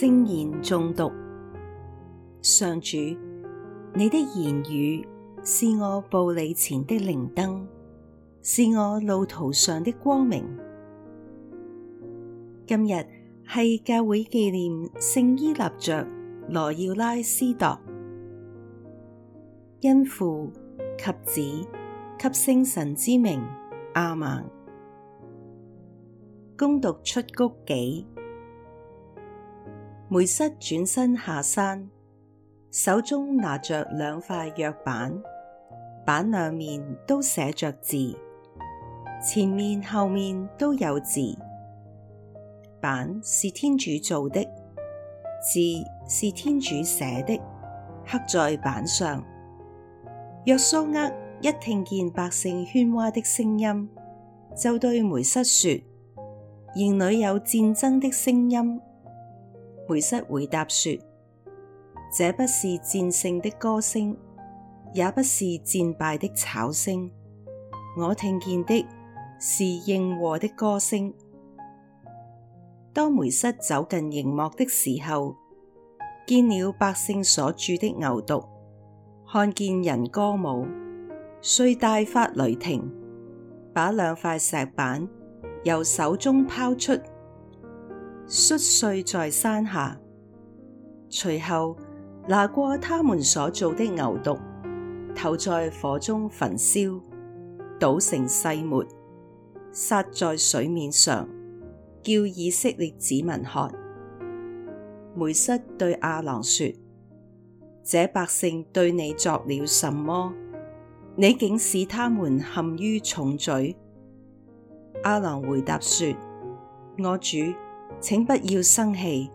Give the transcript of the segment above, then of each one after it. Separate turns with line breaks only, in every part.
聖言誦讀，上主，你的言語是我步履前的靈燈，是我路途上的光明。今日係教會紀念聖依納爵羅耀拉司鐸，因父及子及聖神之名阿門。恭讀出谷紀。梅瑟轉身下山，手中拿着兩塊約版，版兩面都寫着字，前面後面都有字。版是天主做的，字是天主寫的，刻在版上。若蘇厄一聽見百姓喧嘩的聲音，就對梅瑟說：營裏有戰爭的聲音。梅瑟回答說：這不是戰勝的歌聲，也不是戰敗的吵聲，我聽見的是應和的歌聲。當梅瑟走近營幕的時候，見了百姓所鑄的牛犢，看見人歌舞，遂大發雷霆，把兩塊石版由手中拋出。摔碎在山下，隨後拿過他們所造的牛犢，投在火中焚燒，搗成細末，撒在水面上，叫以色列子民喝。梅瑟對亞郎說：這百姓對你作了什麼？你竟使他們陷於重罪？亞郎回答說：我主。請不要生氣，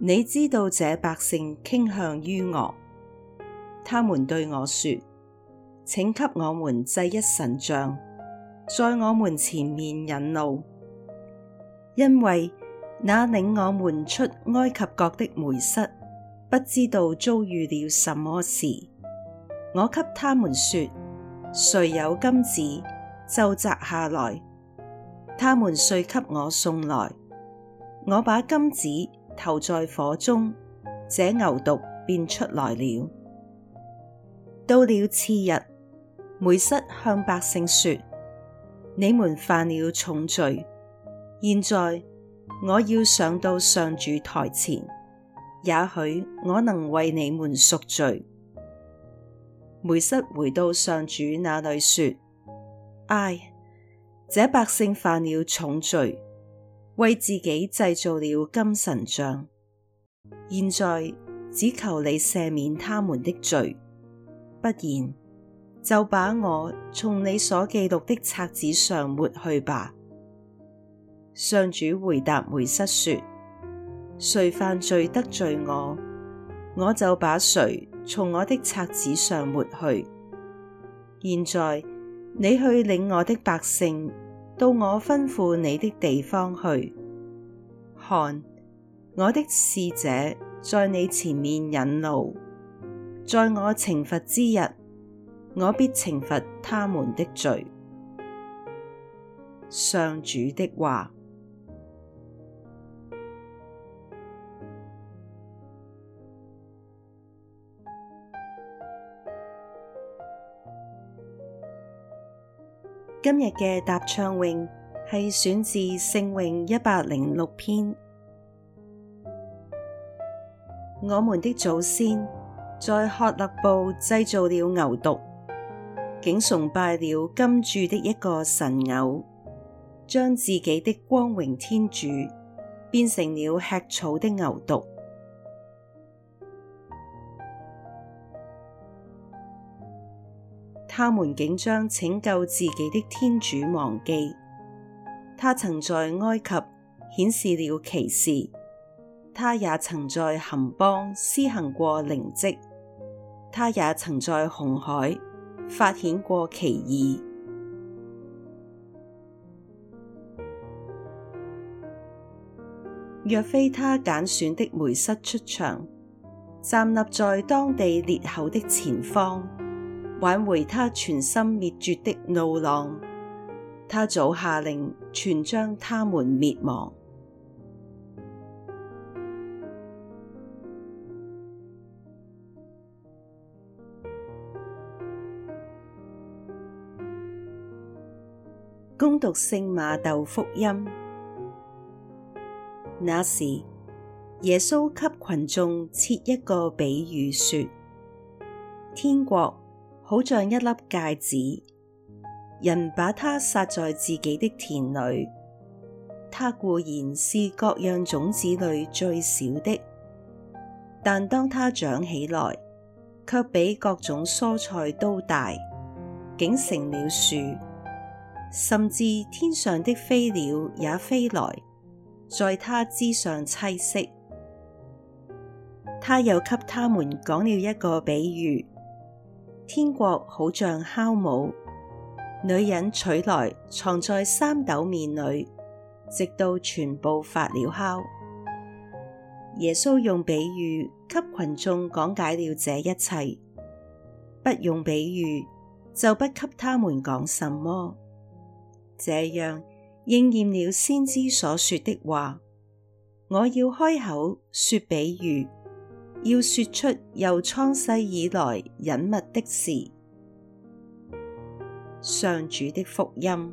你知道這百姓傾向於惡，他們對我說：請給我們製一神像，在我們前面引路，因為那領我們出埃及國的梅瑟，不知道遭遇了什麼事。我給他們說：誰有金子就摘下來，他們遂給我送來。我把金子投在火中，這牛犢便出來了。到了次日，梅瑟向百姓說：你們犯了重罪，現在我要上到上主台前，也許我能為你們贖罪。梅瑟回到上主那裏說：唉，這百姓犯了重罪。為自己製造了金神像，現在只求你赦免他們的罪，不然就把我從你所記錄的冊子上抹去吧。上主回答梅瑟說：誰犯罪得罪我，我就把誰從我的冊子上抹去。現在你去領我的百姓。到我吩咐你的地方去。看，我的使者在你前面引路，在我懲罰之日，我必懲罰他們的罪。上主的話。今日嘅答唱詠，係選自聖詠一百零六篇。我們的祖先在曷勒布製造了牛犢，竟崇拜了金鑄的一個神偶，將自己的光榮天主變成了吃草的牛犢。他們竟將拯救自己的天主忘記。他曾在埃及顯示了奇事，他也曾在含邦施行過靈蹟，他也曾在紅海發顯過奇異。 若非他揀選的梅瑟出場，站立在當地裂口的前方。挽回他存心滅絕的怒浪，他早下令全將他們滅亡。恭讀聖瑪竇福音，那時耶穌給群眾設一個比喻說：天國。好像一粒芥子，人把它撒在自己的田裏，它固然是各樣種子裏最小的，但當它長起來，却比各種蔬菜都大，竟成了樹，甚至天上的飛鳥也飛來，在它枝上棲息。他又給他們講了一個比喻。天國好像酵母，女人取來藏在三斗麵裏，直到全部發了酵。耶穌用比喻給群眾講解了這一切，不用比喻就不給他們講什麼，這樣應驗了先知所說的話。我要開口說比喻。要說出由創世以來隱密的事，上主的福音。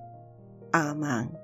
阿曼。